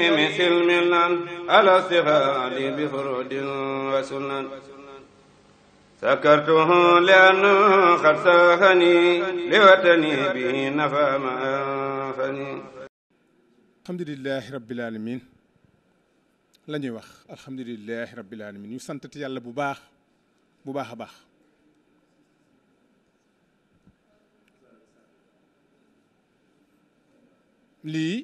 مثل ملان على استغال بفرود وسنن سكرته لأنه قد ساهني لوطني به نفى ما أنفني الحمد لله رب العالمين la ñuy wax alhamdulilahi rabbil alamin ñu santati yàlla bu baax bu baax a baax lii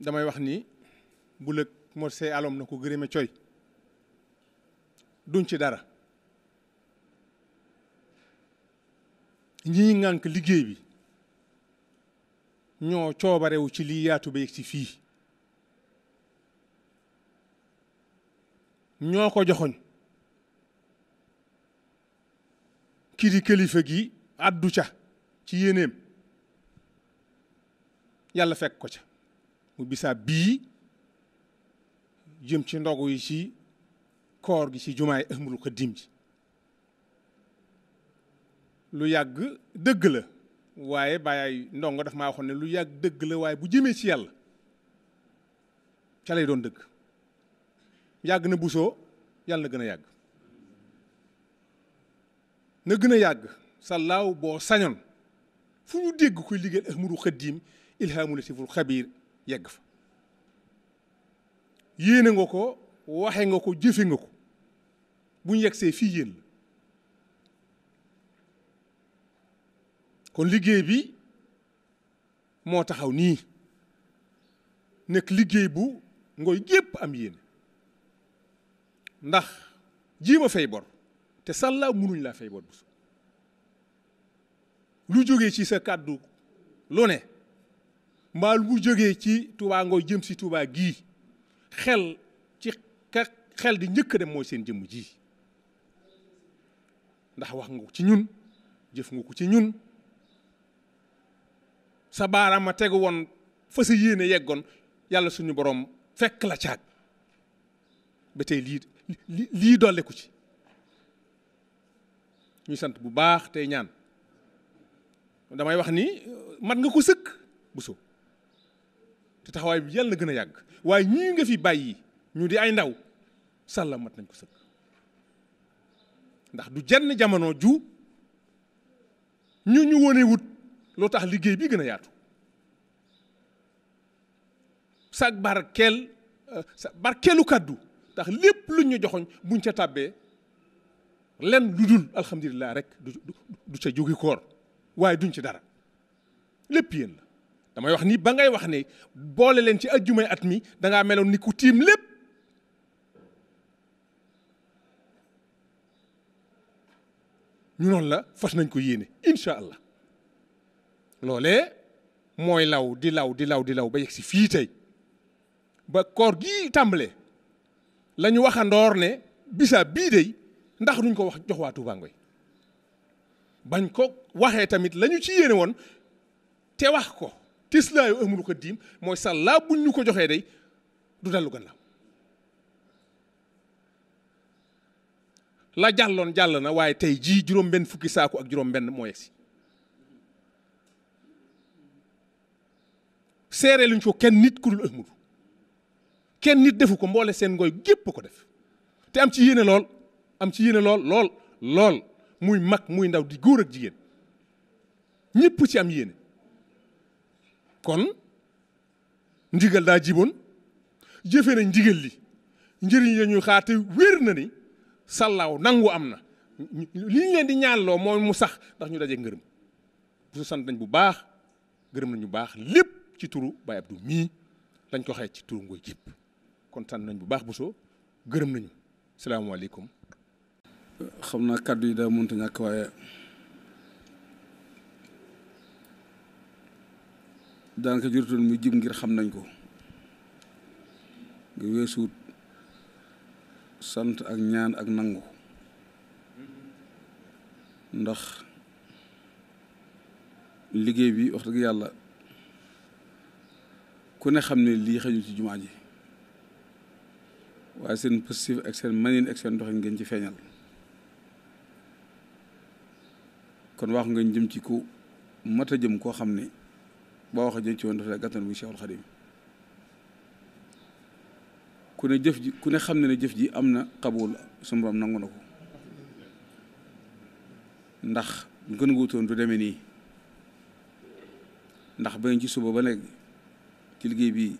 damay wax ni bulëg morse alom na ko gërëme coy duñ ci dara ñii ngànk liggéey bi ñoo coobarewu ci lii yaatu ba yegg ci fii ñoo ko joxoñ kii di kilifa gi àddu ca ci yéeneem yàlla fekk ko ca mu bisaab bii jëm ci ndogu yi ci koor gi ci jumaay Ahmadul Xadim ji lu yàgg dëgg la waaye bàyyaay ndongo daf maa waxoon ne lu yàgg dëgg la waaye bu jëmee ci yàlla ca doon dëgg yàgg na busoo yàlla na gën a yàgg na gën a yàgg sallaaw boo sañoon fu ñu dégg koy liggéeyal Ahmadul Xadim ilhaamulatiful xabiir yegg fa yéene nga ko waxe nga ko jëfe nga ko bu ñu see fii yéen la kon liggéey bi moo taxaw nii nekk liggéey bu ngoy gépp am yéene ndax jiima fay bor te sàllaa munuñ laa fay bor bu lu jógee ci sa kàddu lu ne mbaal bu jógee ci Touba Ngoy jëm si Touba gii xel ci ka xel di njëkk dem mooy seen jëmm ji ndax wax nga ko ci ñun jëf nga ko ci ñun sa baaraam a tegu woon fa sa yéene yeggoon yàlla suñu boroom fekk la caag ba tey lii lii dolle ku ci ñuy sant bu baax tey ñaan damay wax ni mat nga ko sëkk bu so taxawaay bi yàlla na gën a yàgg waaye ñii nga fi bàyyi ñu di ay ndaw sàlla mat nañ ko sëkk ndax du jenn jamono ju ñu ñu wone wut loo tax liggéey bi gën a yaatu sag barkeel barkeelu kàddu tax lépp luñ ñu joxoñ buñ ca tàbbee len lu dul alhamdulilah rek du du ca jógi koor waaye duñ ci dara lépp yéen la damay wax ni ba ngay wax ne boole leen ci ajjumay at mi dangaa meloon ni ku tiim lépp ñu noonu la fas nañ ko yéene incha allah loole mooy law di law di law di law ba yegg fii tey ba koor gi tàmbalee la ñu waxandoor ne bisaab bii dey ndax duñ ko wax jox waa Touba bañ ko waxee tamit lañu ci yéene woon te wax ko tislaayu amul ko diim mooy sàllaa buñ ñu ko joxee day du dellu gannaaw la jàlloon jàll na waaye tey jii juróom benn fukki saaku ak juróom benn moo yegsi seere luñ ko kenn nit ku dul amul kenn nit defu ko mboole seen ngooy gépp ko def te am ci yéene lool am ci yéene lool lool lool muy mag muy ndaw di góor ak jigéen ñëpp ci am yéene kon ndigal daa jiboon jëfe nañ ndigal li njëriñ la ñuy xaar te wér na ni sallaaw nangu am na li ñu leen di ñaanloo mooy mu sax ndax ñu daje ngërëm bu sant nañ bu baax gërëm nañ bu baax lépp ci turu Baye Abdou mii lañ ko xee ci turu Ngoye Diop kon sant nañ bu baax bu Bousso gërëm nañu salaamaaleykum. xam naa kàddu yi daa mënta ñàkk waaye. daanaka jurutoon mu jib ngir xam nañ ko nga weesuut sant ak ñaan ak nangu ndax liggéey bi wax dëgg yàlla ku ne xam ne lii xëju ci jumaa ji waaye seen positif ak seen manin ak seen doxin ngeen ci feeñal kon wax ngeen jëm ci ku mat a jëm koo xam ni boo wax jën ci woon dafa gàttal bi Cheikhul Khadim ku ne jëf ji ku ne xam ne ne jëf ji am na xabul suñu borom nangu na ko ndax bu du demee nii ndax ba ngeen ci suba ba nekk ci liggéey bi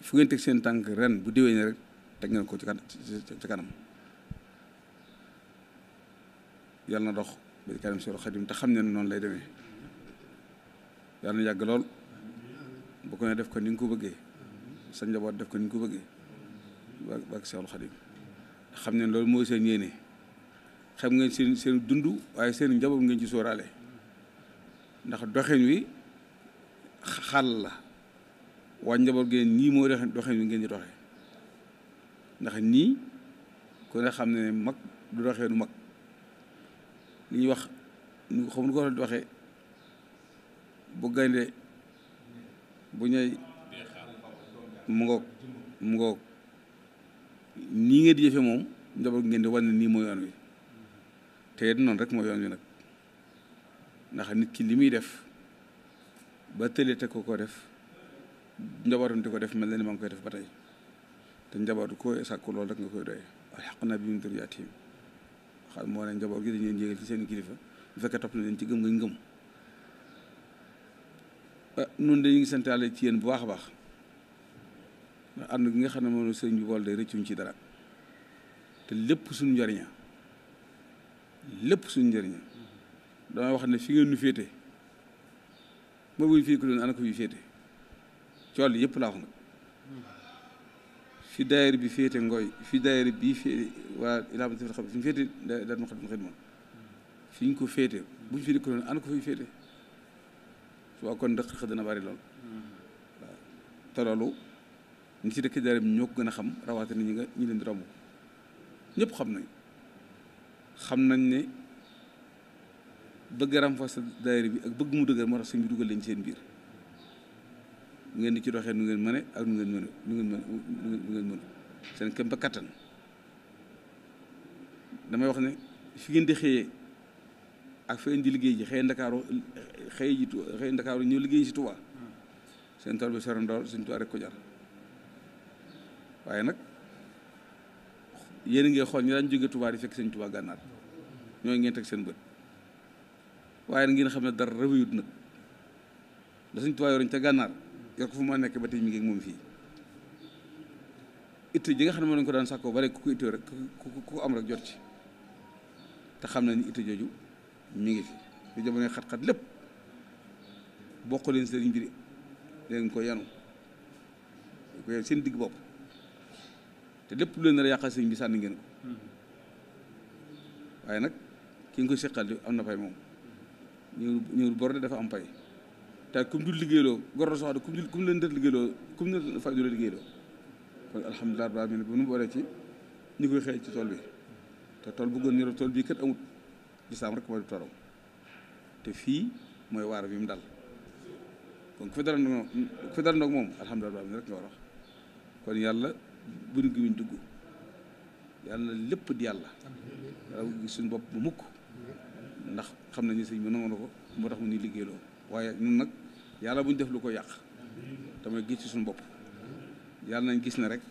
fu ngeen teg seen tànk ren bu déwee ne rek teg ngeen ko ci kanam yàlla na dox ba ci kanam Cheikhul Khadim te xam ne noonu lay demee yàlla yàgg lool bu ko ne def ko ni nga ko bëggee sa njaboot def ko ni nga ko bëggee ba ak Seexul Xadiim xam ne loolu mooy seen yéene xam ngeen seen seen dund waaye seen njaboot ngeen ci sóoraale ndax doxin wi xal la waa njaboot ngeen nii mooy doxin wi ngeen ci doxe ndax nii ku ne xam ne mag du doxee nu mag li ñuy wax nu xam nu ko waxee bu gaynde bu ñëw mu ngoog nii ngeen di jëfe moom njaboot ngeen di wan ne nii mooy yoon wi te it noonu rek moo yoon wi nag ndax nit ki li muy def ba tëlee te ko ko def njabootam di ko def mel na ni ma ngi koy def ba tey te njabootu ko sàkku loolu rek nga koy doy waaye xaq naa bi ñu dur yaatiim xam moo ne njaboot gi dañu leen yéegal ci seen girifa bu fekkee topp na leen ci gëm ngañ gëm nun euh, de ñu ngi sant yàlla ci yéen bu baax a baax ndax ànd gi nga xam ne moom la sëñ ci dara lépp suñu njëriña lépp suñu njëriña damay wax ne fi ngeen féete moo buy fii ku leen ko fi féete cool yëpp laa wax nag fi daayir bi féete ngooy fi daayir bii féete waa ilaama sifil xam fi ko féete bu ñu fi ko leen ana ko waa kon rëq-rëq dana bari lool waaw te loolu ñi ci bi ñoo ko gën a xam rawatina ñi nga ñi leen di romb ñépp xam nañ xam nañ ne bëgg renforcer daara bi ak bëgg mu dëgër moo tax sëñ bi dugal leen seen biir ngeen di ci doxee nu ngeen mëne ak nu ngeen mëne nu ngeen mëne nu ngeen mëne seen këm ba kattan damay wax ne fi ngeen di xëyee ak fa indi liggéey ji xëy ndakaaru xëy ji xëy ndakaaru ñëw liggéey si Tuubaa seen tool bi soron dool ko jar nag yéen a xool ñu daan jóge Tuubaa di fekk seen Tuubaa gànnaar ñooy ngeen teg seen bët waaye ngeen xam ne dara rëwiyut nag la suñ Tuubaa yoroon ca gànnaar yor ko fu ma nekk ba tey mi ngi moom fii itte ji nga xam ne moom lañ ko daan sàkkoo bare ku ko ittoo rek ku ko am rek jot ci te xam ni itte jooju mi ngi fi lu jamonoy xat-xat lépp bokk leen sëriñ bi leen ko yanu ko seen digg bopp te lépp lu leen nar a yàqal sëriñ bi sànni ngeen ko waaye nag ki nga ko seqal di am na pay moom ñu ñëwul bor de dafa am pay te kum dul liggéeyloo goro soxna kum dul kum leen def liggéeyloo kum ne fay du la liggéeyloo kon alhamdulilah rabbil alamin bu nu boole ci ñu koy xëy ci tool bi te tool bu gën ñoro tool bii kat amut lislaam rek moo di torom te fii mooy waar bi mu dal kon ku fi dal ndoog ku fi dal moom alhamdulilah rek nga war kon yàlla buñu gi muñ dugg yàlla lépp di yàlla yàlla suñu bopp bu mukk ndax xam nañu sëñ bi nangu na ko moo tax mu ni liggéeyloo waaye ñun nag yàlla buñ def lu ko yàq damay gis ci suñu bopp yàlla nañ gis ne rek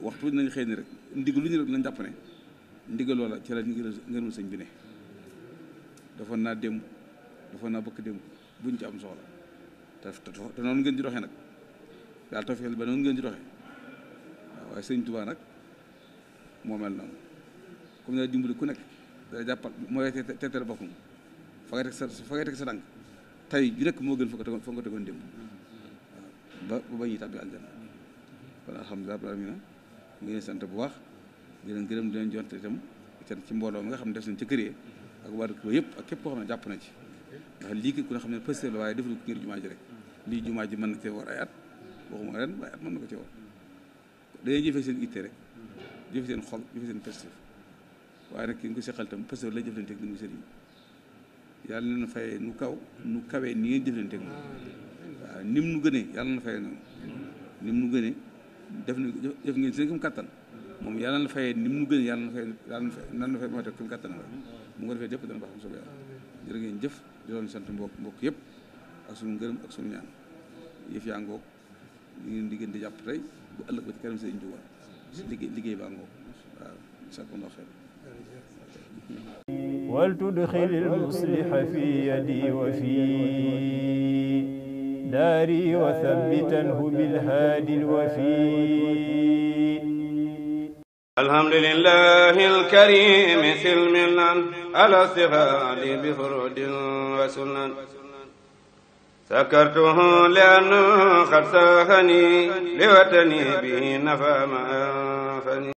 waxtu nañ xëy ni rek ndigal lu ñu rek nañ jàpp ne ndigal loola ci la ngërëm sëñ bi ne defoon naa démb defoon naa bëkk démb buñ ci am soxla te te noonu ngeen di doxee nag daal tawfeex ba noonu ngeen di doxee waaw waaye sëñ Tuubaa nag moo mel noonu comme ne dimbali ku nekk da jàppal mooy teetal boppam fa nga teg sa fa nga teg sa tànk tey ju nekk moo gën fa nga tegoon nga tegoon démb waaw ba ba ñuy tàbbi aljanna kon alhamdulilah rabbil aalamiina ñu ngi leen sant bu baax di leen gërëm di leen jonte itam ci mbooloo mu nga xam ne def nañ ci kër yi ak waa dëkk ba yëpp ak képp koo xam ne jàpp na ci ndax lii ku ne xam ne positif la waaye defal ko ngir jumaa ji rek lii jumaa ji mën na cee war ay at waxuma ren waaye at mën na ko cee war dañuy jëfee seen itte rek jëfe seen xol jëfe seen positif waaye nag ki nga ko seqal itam positif la jëflante ak ni mu sëriñ yàlla na fayee nu kaw nu kawee ni ngeen jëflante ak moom waaw nim nu na fayee noonu nim nu gënee na def ngeen seen kam kattan moom yàlla na fayee nim nu gënee yàlla na na fayee nan na fayee bu nga defee jëpp dana baax bu soobee yàlla jërë ngeen jëf di leen sant mbokk mbokk ak suñu ngërëm ak suñu ñaan yëf yaa ngoog ñu ngi di gën di bu ëllëg ba ci kanam seen njuwaat liggéey liggéey baa ngoog waaw sakku ndox xel wal tudxil al-musliha fi yadi wa fi daari wa thabbitanhu bil haadi al-wafi alhamdulillahi al-karim على الثغال بفرود وسنن سكرته لأنه قد ساهني لوطني به نفى ما أنفني